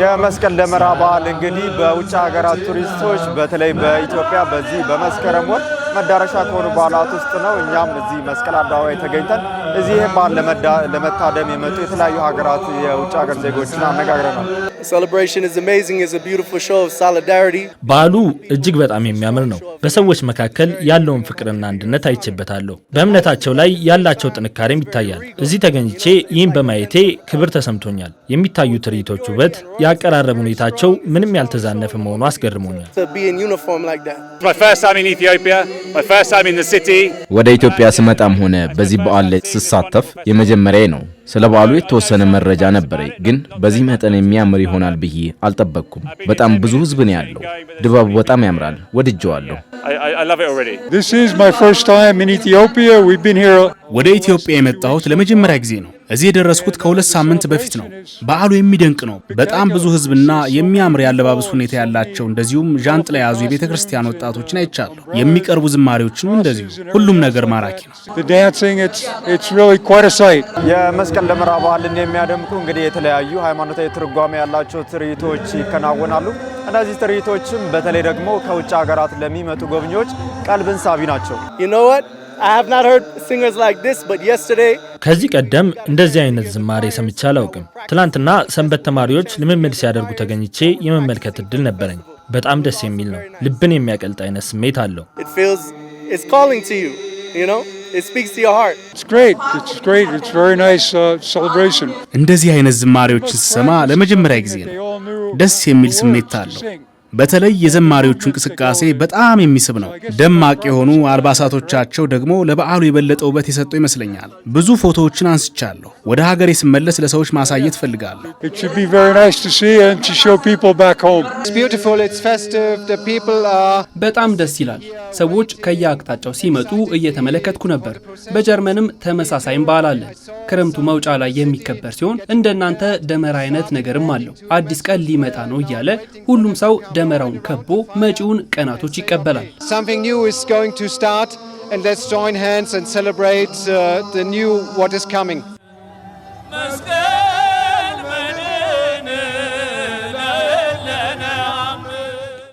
የመስቀል ደመራ በዓል እንግዲህ በውጭ ሀገራት ቱሪስቶች በተለይ በኢትዮጵያ በዚህ በመስከረም ወር መዳረሻ ከሆኑ በዓላት ውስጥ ነው። እኛም እዚህ መስቀል አደባባይ ተገኝተን እዚህ በዓል ለመታደም የመጡ የተለያዩ ሀገራት የውጭ ሀገር ዜጎችን አነጋግረናል። በዓሉ እጅግ በጣም የሚያምር ነው። በሰዎች መካከል ያለውን ፍቅርና አንድነት አይቼበታለሁ። በእምነታቸው ላይ ያላቸው ጥንካሬም ይታያል። እዚህ ተገኝቼ ይህን በማየቴ ክብር ተሰምቶኛል። የሚታዩ ትርኢቶች ውበት፣ የአቀራረብ ሁኔታቸው ምንም ያልተዛነፈ መሆኑ አስገርሞኛል። ወደ ኢትዮጵያ ስመጣም ሆነ በዚህ በዓል ላይ ስሳተፍ የመጀመሪያ ነው። ስለ በዓሉ የተወሰነ መረጃ ነበረ ግን በዚህ መጠን የሚያምር ይሆናል ብዬ አልጠበቅኩም። በጣም ብዙ ህዝብ ነው ያለው። ድባቡ በጣም ያምራል፣ ወድጀዋለሁ። ወደ ኢትዮጵያ የመጣሁት ለመጀመሪያ ጊዜ ነው። እዚህ የደረስኩት ከሁለት ሳምንት በፊት ነው። በዓሉ የሚደንቅ ነው። በጣም ብዙ ህዝብና የሚያምር ያለባበስ ሁኔታ ያላቸው እንደዚሁም ዣንጥላ የያዙ የቤተ ክርስቲያን ወጣቶችን አይቻለሁ። የሚቀርቡ ዝማሬዎችም እንደዚሁ። ሁሉም ነገር ማራኪ ነው። የመስቀል ደመራ በዓልን የሚያደምቁ እንግዲህ የተለያዩ ሃይማኖታዊ ትርጓሜ ያላቸው ትርኢቶች ይከናወናሉ። እነዚህ ትርኢቶችም በተለይ ደግሞ ከውጭ ሀገራት ለሚመጡ ጎብኚዎች ቀልብን ሳቢ ናቸው። ከዚህ ቀደም እንደዚህ አይነት ዝማሬ ሰምቼ አላውቅም። ትናንትና ሰንበት ተማሪዎች ልምምድ ሲያደርጉ ተገኝቼ የመመልከት እድል ነበረኝ። በጣም ደስ የሚል ነው። ልብን የሚያቀልጥ አይነት ስሜት አለው። እንደዚህ አይነት ዝማሬዎች ስሰማ ለመጀመሪያ ጊዜ ነው። ደስ የሚል ስሜት አለው። በተለይ የዘማሪዎቹ እንቅስቃሴ በጣም የሚስብ ነው። ደማቅ የሆኑ አልባሳቶቻቸው ደግሞ ለበዓሉ የበለጠ ውበት የሰጡ ይመስለኛል። ብዙ ፎቶዎችን አንስቻለሁ። ወደ ሀገሬ ስመለስ ለሰዎች ማሳየት ፈልጋለሁ። በጣም ደስ ይላል። ሰዎች ከየአቅጣጫው ሲመጡ እየተመለከትኩ ነበር። በጀርመንም ተመሳሳይም በዓል አለ። ክረምቱ መውጫ ላይ የሚከበር ሲሆን እንደናንተ ደመራ አይነት ነገርም አለው። አዲስ ቀን ሊመጣ ነው እያለ ሁሉም ሰው ደመራውን ከቦ መጪውን ቀናቶች ይቀበላል።